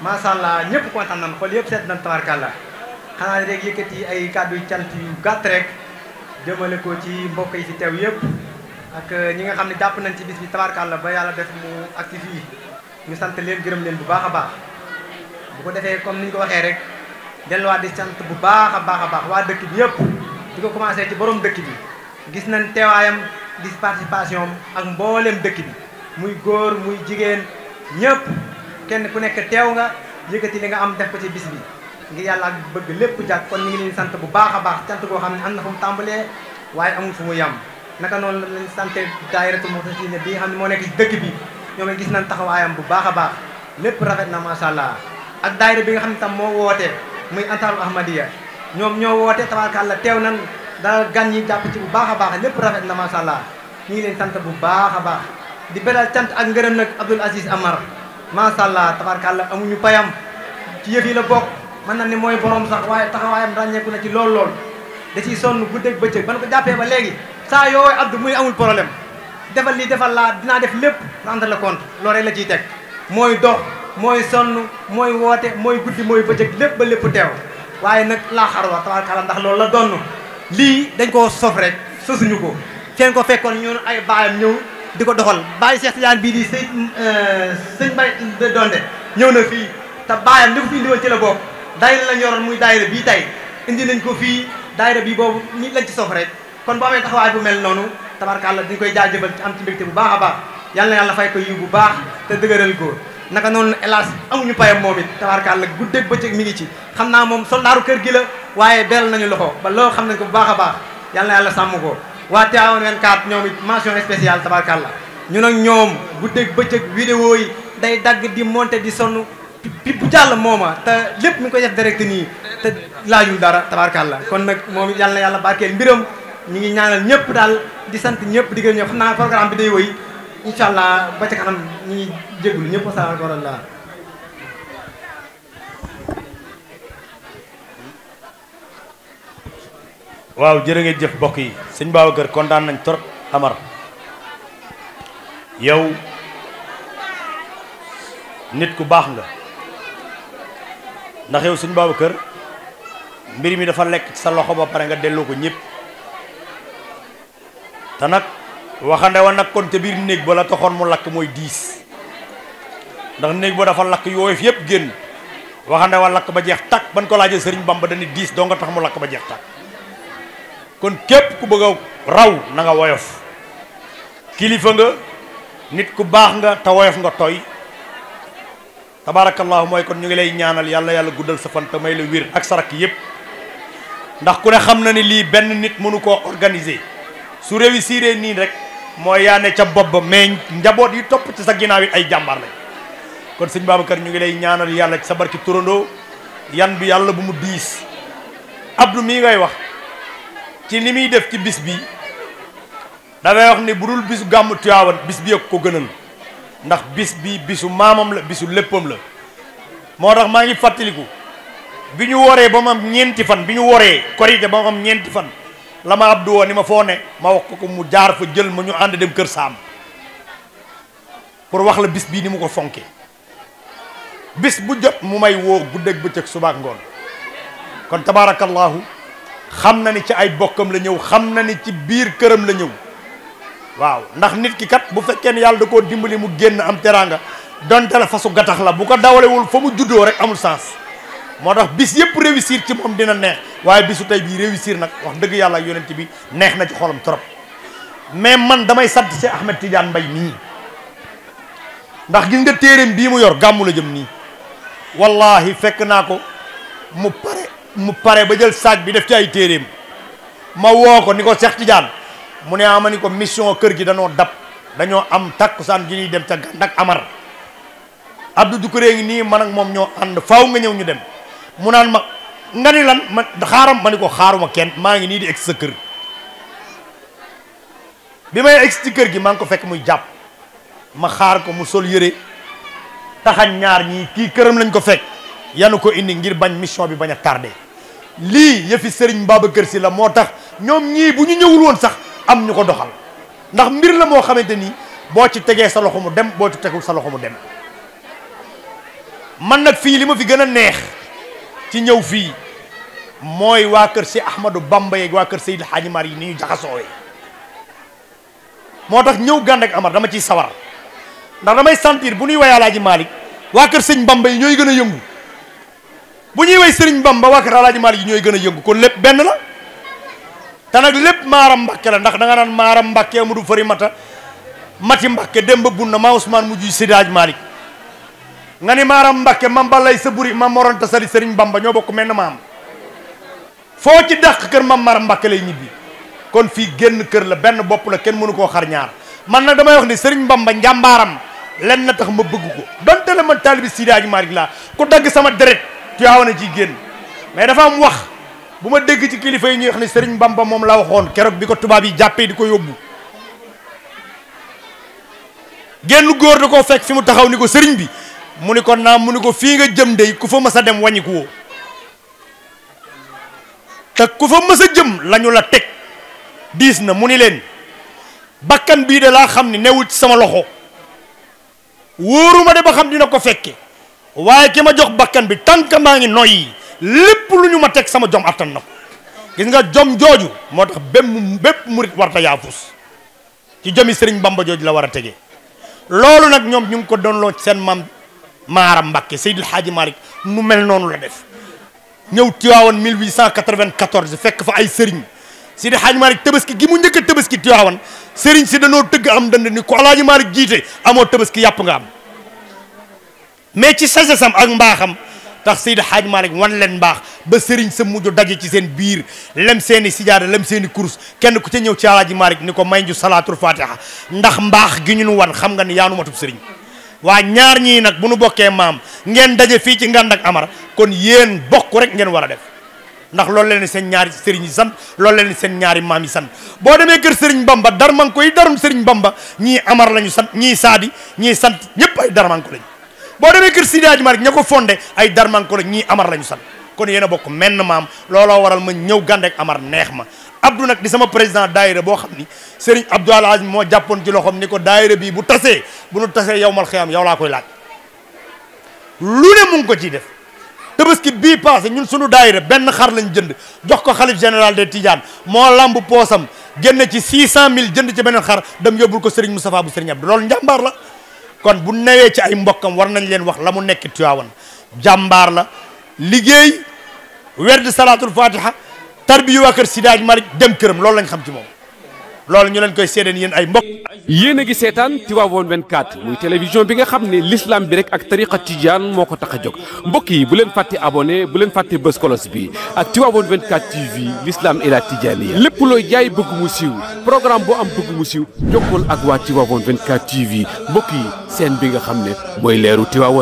macha allah ñëpp kontaan nañ xol yëpp seet nañ tabarkàlla xanaa rek yëkëti ay cadeau yu cant yu gatt rek jëmele ko ci mbokk yi ci tew yëpp ak ñi nga xamni japp nañ ci bis bi tabarkàlla ba yalla def mu actif yi ñu sant leen gërëm leen bu baaxa baax bu ko defee comme ni ko waxé rek wa di sant bu baaxa baaxa baax wa dëkk bi yëpp diko commencé ci borom dëkk bi gis nañ teewaayam gis participation ak mbolem dëkk bi muy goor muy jigen ñepp kenn ku nek teew nga yëkkati li nga am def ko ci bis bi ngir yalla ak bëgg lepp jàkk kon ñu ngi leen sante bu baax a baax cant goo xam ne am na fu mu tàmbalee fu mu yem naka non lañ sante daayiratul mutasine bi nga mo ne moo nekk ci dëkk bi ñoom gis nañ taxawayam bu baax a baax lépp rafet na sha allah ak daayira bi nga xam tam mo wote muy antal ahmadiya ñoom ñoo wote tabarkàlla teew nan da gan yi japp ci bu baax baax rafet na sha allah ñu leen sante bu baax baax di beral cant ak ngërëm nak abdul Aziz Amar macha allah tabarkàlla amuñu payam ci yëf yi la bokk mën na ni mooy borom sax waaye taxawaayam ràññeeku na ci lool lool da ciy sonn guddeeg bëccëg ba ko jàppee ba léegi saa yooyu addu muy amul problème defal lii defal laa dinaa def lépp rendre le compte loolu la ciy teg mooy dox mooy sonn mooy woote mooy guddi mooy bëccëg lépp ba lépp teew waaye nag laa xarwa tabarkàlla ndax loolu la donn lii dañ koo sof rek sosuñu ko feen ko fekkoon ñun ay di ko doxal Baye Cheikh Tidiane bii di sëñ euh, sëñ Baye Donde ñëw na fii te baayam li ko fi indiwoon ci la bokk daayira la ñoroon muy daayira bii tey indi nañ ko fii daayira bii boobu ñi lañ ci sof rek kon bu tax taxawaay bu mel noonu tabarkàlla dañ koy jaajëfal ci am ci mbégte bu baax a baax yàlla na yàlla fay ko yiw bu baax te dëgëral ko naka noonu hélas amuñu payam moom it tabarkàlla guddeeg bëccëg mi ngi ci xam naa moom soldaaru kër gi la waaye beral nañu loxo ba loo xam nañ ko bu baax a baax yàlla na yàlla sàmm ko waa Tivaouane 24 ñoom it mention spéciale tabarkàlla ñu nag ñoom guddeeg bëccëg vidéo yi day dagg di monter di sonn pi bu jàll mooma te lépp mi ko koy def direct nii te laajul dara la kon nag moom it yàlla na yàlla barkeel mbiram ñu ngi ñaanal ñëpp daal di sant ñëpp di gërëm ñëpp xam naa programme bi day way incha allah ba ca kanam ñu ngi jégalu ñëpp asalaamaaleykum Wow, jere nge jëf boki, sen sëñ Babacar kondan nañ trop Amar yow nit ku baax nga ndax yow sëñ Babacar mbir mi dafa lek ci sa loxo ba pare nga delu ko ñëpp te nag waxande wa nag kon te bir néeg ba la taxoon mu lakk mooy diis ndax néeg ba dafa lak waxande wa ba jeex tak ban ko laajee Bamba dañuy dis dong nga tax mu lakk ba jeex kon kep ku bëgg raw na nga woyof kilifa nga nit ku bax nga ta woyof nga toy tabarakallah moy kon ñu ngi lay ñaanal yalla yalla guddal sa fan te may la wir ak sarak yep ndax ku ne xam na ni li ben nit mënu ko organiser su réussir ni rek moy ya ne ca bopp ba njabot yi ci sa ginnaaw ay jambar lañ kon seigne babakar ñu ngi lay ñaanal yalla ci sa barki turandoo yan bi yalla bu mu diis Abdou mi ngay wax ci limi def ci bis bi wax ni budul bisu gamu tiawal bis bi ak ko geunal ndax bis bi bisu mamam la bisu leppam la motax ma ngi fàttaliku bi ñu woree ba mam ñenti fan biñu woré korité ba mam ñenti fan lama abdou ni ma foo ne ma wax ko ko mu jaar fa jël ma ñu and dem kër sam pour wax la bis bi ni mu ko fonké bis bu jot mu may woo guddeeg bëccëg subaak ngol kon xam na ni ci ay bokkam la ñëw xam na ni ci biir këram la ñëw waaw ndax nit ki kat bu fekkee ne yàlla da koo dimbali mu génn am teraanga donte la fasu gattax la bu ko dawalewul fa mu juddoo rek amul sens moo tax bis yëpp réussir ci moom dina neex waaye bisu tey bii réussir nag wax dëgg yàlla ak yonent bi neex na ci xolam trop mais man damay sant ci Ahmed Tidiane Mbaye nii ndax gis nga téeréem bii mu yor gàmmu la jëm nii wallahi fekk naa ko mu pare mu pare ba jël sac bi def ci ay téeréem ma woo ko ni Cheikh Tidiane mu né amani ko mission kër gi danoo dab dañoo am takusan gi ni dem ca gandak Amar Abdou Dukure ngi ni man ak mom ñoo and faaw nga ñew ñu dem mu naan ma ngani lan ma xaram maniko xaruma ngi ni di ex sa kër bi may ex ci kër gi man ko fekk muy japp ma xaar ko mu sol yére taxañ ñaar ñi ki këram lañ ko fekk yanu ko indi ngir bañ mission bi bañ a tardé lii yëfi Serigne Babacar la moo tax ñoom ñii bu ñu sax am ñu ko doxal ndax mbir la moo xamante ni ci tegee sa loxo dem boo ci tegul sa loxo dem man nag fii li fi gën neex ci ñëw si Ahmadou Bamba yeeg wa kër Seydil Hadji Mar yi ni ñu jaxasoowee moo tax ñëw ak Amar dama ciy sawar ndax damay sentir bu ñuy way Alaaji Bamba yi yëngu bu ñuy way serigne Bamba waa kër Alaaji Maalik ñoy gëna a yëngu kon lépp benn la ta nak lepp maaram mbacke la ndax da nga naan mbacke mu du Fari Mata Mati Mbàkke Demba Bunna ma Ousmane mu juy sidaj malik nga ni maaram mbacke mam balay sa buri mam ta sali serigne Bamba ño bokku men maam fo ci dakk kër mam maaram mbacke lay ñibbi kon fi genn kër la ben bop la ken mënu ko xar ñaar man nak damay wax ni serigne Bamba njambaram len na tax ma bëgg ko donte la ma taalibi sidaj malik la ku dagg sama deret Tiwaawan a ciy génn mais dafa am wax bu ma dégg ci kilifa yi ñuy wax ne Serigne Bamba moom la waxoon keroog bi ko tubaab yi jàppee di ko yóbbu génn góor da koo fekk fi mu taxaw ni ko sëriñ bi mu ni ko naam mu ni ko fii nga jëm dey ku fa mës a dem wàññiku woo te ku fa mës a jëm lañu la teg diis na mu ni leen bakkan bii de laa xam ni newul ci sama loxo wóoruma de ba xam dina ko fekke waye kima jox bakkan bi tànk maa ngi noyyi lépp ma tek sama jom atan na gis nga jom joju motax bem bepp mourid warta ya yaafus ci jomi serigne bamba joju la wara a tege loolu nag ñoom ñu ngi ko doonloo sen mam maram Mbàkke Seydil Haaji malik mu mel nonu la def ñew tiwawon 1894 fekk fa ay serigne seydil Haaji malik tebeski gi mu ñëk tebeski tiwawon serigne ci dañu teug am dënd ni ko Alaaji malik jité amo tebeski yap nga am mais ci sagesse sam ak mbaaxam tax Seydi Hadj Malick wan leen mbaax ba sëriñ sa mujj daje ci seen biir lem seen i sijaada lem seen i kenn ku ca ñëw ci Alaaji Malick ni ko may ñu salaatul fatiha ndax mbaax gi ñu nu wan xam nga ni yaanu matub sëriñ waa ñaar ñii nag bu nu bokkee maam ngeen daje fii ci ngànd ak amar kon yéen bokk rek ngeen war a def ndax loolu leen seen ñaari sëriñ yi sant loolu leen seen ñaari maam yi sant boo demee kër sëriñ bamba darmanko yi darum sëriñ bamba ñii amar lañu sant ñii saadi ñii sant ñëpp ay darmanko lañu bo demé keur Sidi Hadj Malick ña fondé ay darman ko ñi amar lañu sant kon yéen men men lola maam lolo waral ma gande ak amar neex ma abdou nak di sama président daïra bo xamni ni Serigne Abdou Alhaji mo japon ci loxom ni ko butase, bunutase bu tassé bu nu tassé yowmal mal xiyam yow la koy laaj lu ne mu ngi ko ciy def tabaski bi passé ñun suñu daïra ben xar lañu jënd jox ko xalif général de Tidiane mo lamb posam genn ci 600000 jënd ci benen xar dem yobul ko Serigne Moustapha bu Serigne Abdou njambar la kon bu newee ci ay mbokkam war nañ leen wax la mu nekk Tiwaawan jàmbaar la liggéey werd salaatul fatiha tarbiyu waa kër Sidaaj Malik dem këram loolu lañ xam ci moom loolu ñu leen koy séedeen yéen ay mbokk. yéen a ngi seetaan Tivaouane 24 muy télévision bi nga xam ne l'islam bi rek ak a tijaan moo ko tax a jóg mbokk yi bu leen fàtte abonné bu leen fàtte bës kolos bi ak Tivaouane 24 TV lislaam et la yi lépp looy jaay bëgg mu siiw programme bu am bëgg mu siiw jokkool ak waa Tivaouane 24 TV mbokk yi seen bi nga xam ne mooy leeru Tivaouane.